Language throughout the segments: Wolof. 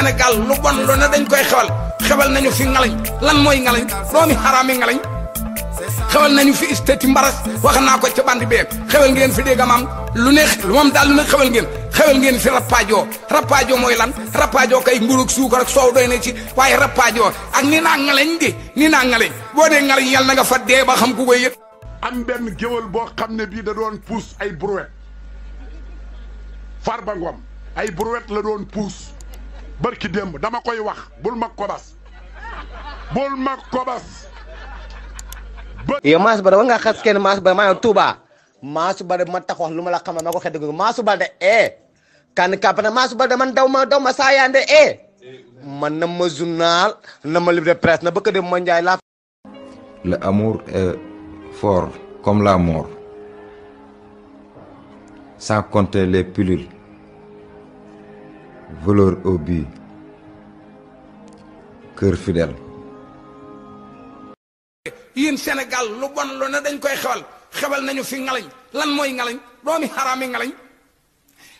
Sénégal lu bon lu ne dañ koy xewal xewal nañu fi ngalañ lan mooy ngalañ doomi xaraami ngalañ xewal nañu fi istati mbaras wax naa ko ca bandi bee xewal ngeen fi de maam lu ne moom daal lu ne xewal ngeen xewal ngeen fi rappaajoo rappaajoo mooy lan rappaajoo kay mburu ak suukar ak soow doy na ci waaye rappaajoo ak ni naa ngalañ de ni naa ngalañ boo dee ngalañ yàlla na nga fa dee ba xam ku koy yëg am benn géwal boo xam ne bii da doon puus ay brouette Farba Ngom ay brouette la doon puus barki demb dama koy wax bul ma kobas bul mak kobas yow Mass Balde war nga xass ken mas Balde maa Touba mas Balde ma tax wax luma la xam mako xed gu mas Mass de eh kan kàpp mas Mass de man daw ma daw ma sayande eh man na ma journal na ma libre presse na bëkk de ma njaay la le amour est fort comme la mort sans compter les pilules voleur au but cœur fidèle. yéen Sénégal lu bon lu ne dañ koy xewal xewal nañu fi ngalañ lan mooy ngalañ doomi xaraami ngalañ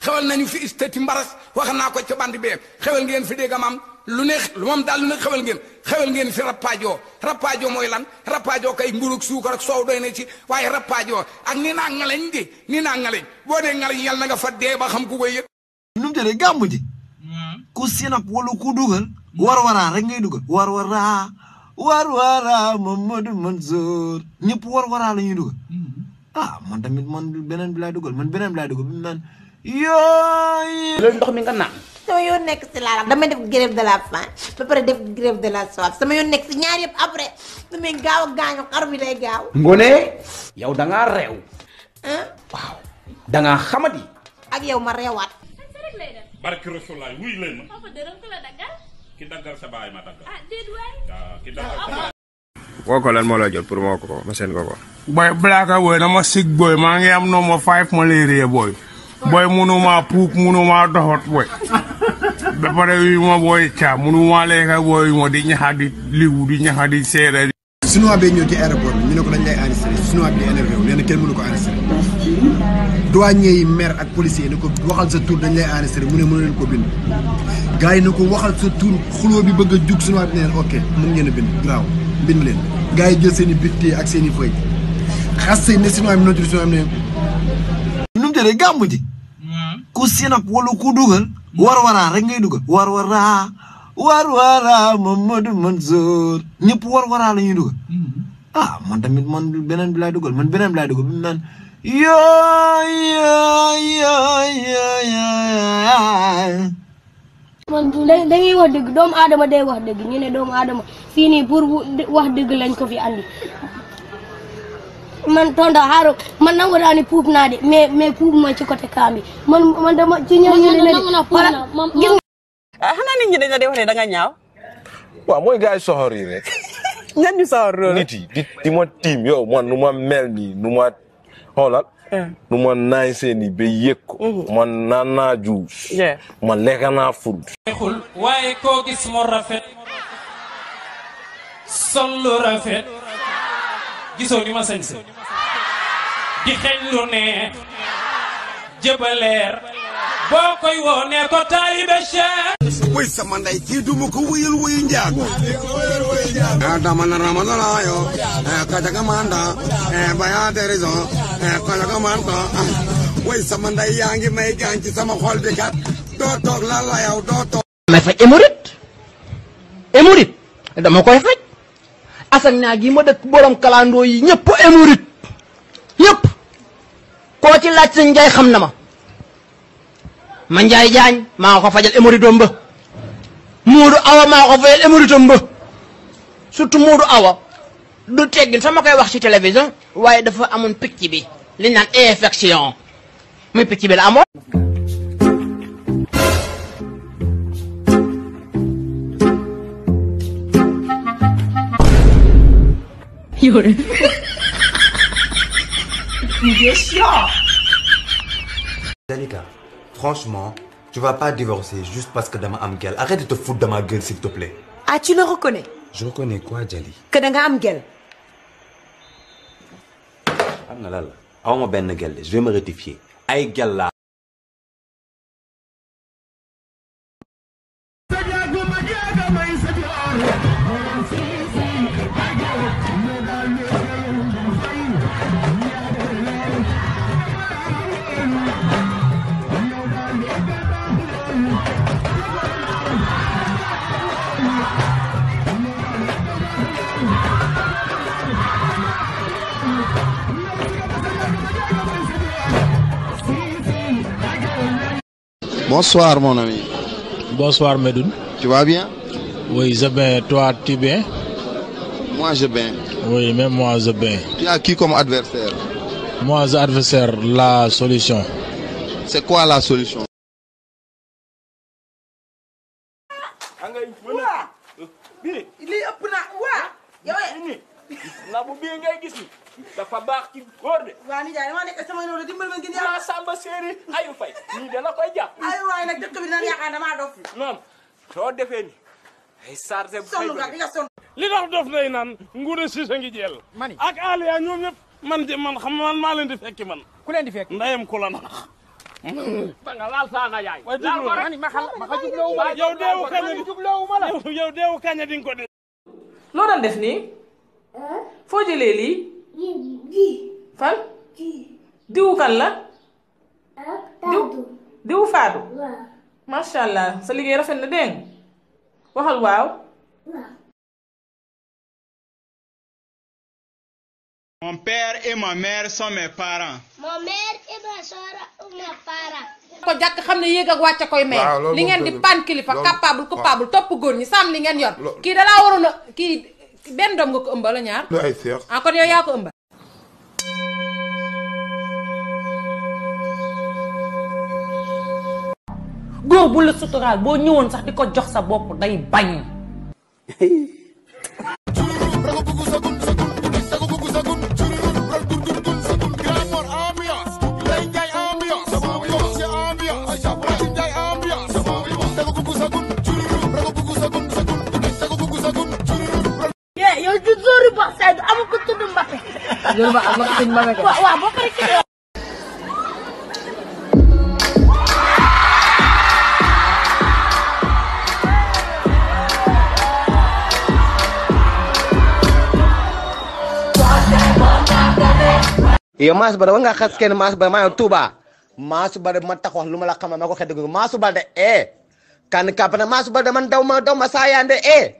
xewal nañu fi istati mbaras wax naa ko ca bandi bee xewal ngeen fi dégg maam lu ne moom daal lu ne xewal ngeen xewal ngeen fi rappaajoo rappaajoo mooy lan rappaajoo kay mburuk suukar ak soow doy na ci waaye rappaajoo ak ni naa ngalañ di ni naa ngalañ boo dee ngalañ yàlla na nga fa dee ba xam ku koy yëg. nu mu jëlee gàmmu ji. ku sinap walu ku dugal kan? wara rek ngay dugal kan? warwara warwara Mamadou Mansour ñëpp warwara la ñuy dugal ah man tamit man benen bi laay dugal kan? man benen bi laay dugal man yooyu leen dox mi nga na sama yoon nekk si la dama def grève de la faim ba pare def grève de la soif sama yo nek ci ñaar yeb après dama gaaw a xar bi lay gaaw ngone yow da rew hein waaw da nga xamati ak yow ma rewat barki rasulaay ma. papa dërëm ku la daggal. ki daggal ah, ah, ah, moo la jot pour moo ko ma seen ko ko. booy blaaka booy dama sig booy maa ngi am no ma five malaria booy. booy mënuma puuk mënuma doxot booy. ba pare wi ma booy caa mënuma lekka booy ma di ñaxa di liwu di ñaxa di seera chinois bee ñëw ci aéroport bi ñu ne ko dañ lay enregistré chinois bi énervé wu nee na kenn mënu ko enregistré douanier yi maire ak policier ne ko waxal sa tur dañ lay enregistré mu ne mënu leen ko bind gars yi ne ko waxal sa tur xuloo bi bëgg a jug chinois bi ne leen ok mën ngeen a bind graaw bind leen gars yi jël seen i bitté ak seen i feuille xas seen ne chinois bi noonu chinois bi ne nu mu tëddee gàmmu ji ku sinap wala ku dugal war waraa rek ngay dugal war waraa war wara mamad mansour ñep war wara lañuy dugal ah man tamit man benen bi lay dugal man benen bi lay dugal man yo yo yo yo yo man da ngay wax deug doom adama day wax deug ñu ne doom adama fi pour wax deug lañ ko fi andi man tonda haru man nangu dani poup na de mais mais poup ma ci côté kambi man man dama ci ñu ne nit ñi dañ la dee wax ne da nga ñaaw. waaw mooy gars yi soxor rek. ñan ñu soxor loolu di di ma tiim yow man nu ma mel nii nu ma xoolal. Hmm. nu ma naay seen i ba yëg ko. Hmm. man naan naa juus. naa ful. waaye koo gis mu rafet. sol lu rafet. gisoo ni ma di xeeñ lu ne. jëbaleer. boo koy woo ne ko taalibe Cheikh wëy sama ndey kii du ma ko wëyal wëyu njaago eh, damana ramana laayo kaja eh, kaja ka manda eh, ah, wëy yaa ngi may gaañ ci sama xol bi kat doo toog la la yow doo toog ma fa émorit émorit dama koy faj asan naa gi ma dëkk borom kalandoo yi ñëpp émorit ñëpp koo ci laaj sañ njaay xam na ma ma jaañ maa ko fajal émorit doom ba muudu awa maa ko fayal émoritam surtout muudu awa du teggin sama koy wax ci télévision waaye dafa amoon picc bi li naan infection muy picc bi la amoon You're... Bien Danica, franchement, tu vas pas divorcer juste parce que dama am gel. Arrête de te foutre de ma gueule, s'il te plaît. Ah, tu le reconnais Je reconnais quoi, Djali Que danga am gel. Je vais me rectifier. Aïe, gel Bonsoir mon ami. Bonsoir Medoun. Tu vas bien Oui, je bien. Toi, tu bien Moi, je bien. Oui, même moi, je bien. Tu as qui comme adversaire Moi, adversaire, la solution. C'est quoi la solution euh, Il est ndax ngay gis ni dafa baax ci góor de. waaw nijaay dama nekk sama noonu dimbal ma ngir yàlla. de ay waay nag dëkk bi dinañ yaakaar damaa soo defee ni ay chargé. sonn nga di nga sonn. li tax dof nay naan nguur Cissé ngi jël. mani ak Aliya ñoom ñëpp man de man xam man maa leen di fekki man. ku leen di fekk ndayam ku la nax. ba nga laal saa na yaay. laal ko rek ma xal ma xal la yow deewu kañ di nga ko loo doon def nii. fo jele li ji fan diwu kan la diw diwu faatu macha allah sa liggéey rafet na deng waxal waaw Mon père et ma mère sont mes parents. Mon mère et ma soeur sont mes parents. ko jak xamne yeg ak wàcce koy mère. li ngeen di pan kilifa capable coupable top góor ñi sàmm li ngeen yor Ki da la a ki benn doom nga ko ëmb wala ñaar. lu ay seex. ah kon yow yaa ko ëmb. góor bu la suturaal boo ñëwoon sax di ko jox sa bopp day bañ. Doon ba? Ang makitin ba ka? Wah, wah, bakit iya, mas bare wanga khas ken mas bare ma tuba mas bada man luma la mako mas bada e eh. kan kapana mas bare man daw ma daw ma sayande e eh.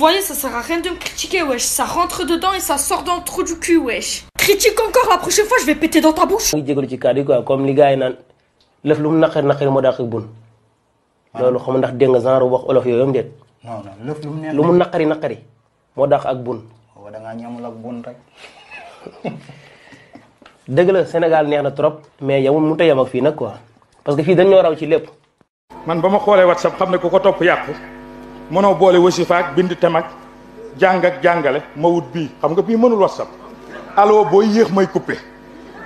Vous voyez, ça sert à rien de me critiquer, wesh. Ça rentre dedans et ça sort dans le trou du cul, wesh. Critique encore la prochaine fois, je vais péter dans ta bouche. comme les gars ah. xam genre wax olof non non ak bun. da ñamul ak bun rek. Sénégal trop mais a ak fi nak quoi parce que fi dañ ñoo ci man WhatsApp ko mënoo boole wasifaak bind tem ak jàngale ma wut bii xam nga bii mënul whatsapp aloo booy yéex may coupé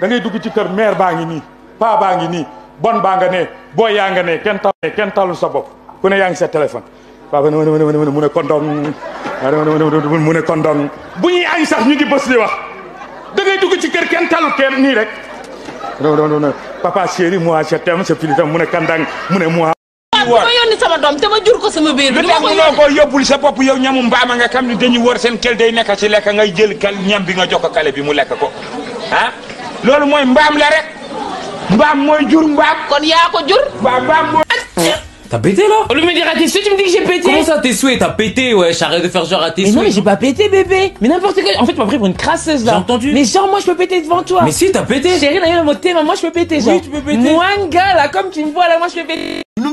da ngay dugg ci kër mère baa ngi nii paa baa ngi nii bon baa nga ne boo yaa nga ne kenn tal kenn talul sa bopp ku ne yaa ngi sa téléphone papa ne mu ne kondong mu ne kondong bu ñuy añ sax ñu ngi bës di wax da ngay dugg ci kër kenn talul kenn nii rek papa chéri moi je t'aime sa fili tam mu ne kandang mu ne moi dañuy woor ma yónni sama doom te ma jur ko sama biir bi lu tax mënoo koo sa bopp yow ñamu mbaama nga xam ne dañuy woor seen kel day nekk ci lekk ngay jël kal ñam bi nga jox ko kale bi mu lekk ko ah loolu mooy mbaam la rek mbaam mooy jur mbaam kon yaa ko jur waaw mbaam T'as pété là Au oh, lieu tu me dis que j'ai pété Comment ça, tes souhaits T'as pété, ouais, j'arrête de faire genre à tes mais non, mais j'ai pas pété, bébé Mais n'importe quoi En fait, tu m'as pris pour une crasseuse là J'ai entendu Mais genre, moi je peux péter devant toi Mais si, t'as pété à dire thème, moi je peux péter, genre. tu peux péter gars, là, comme tu me vois là, moi je peux péter Nous,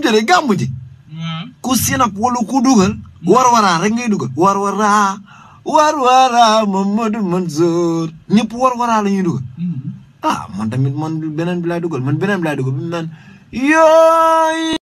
les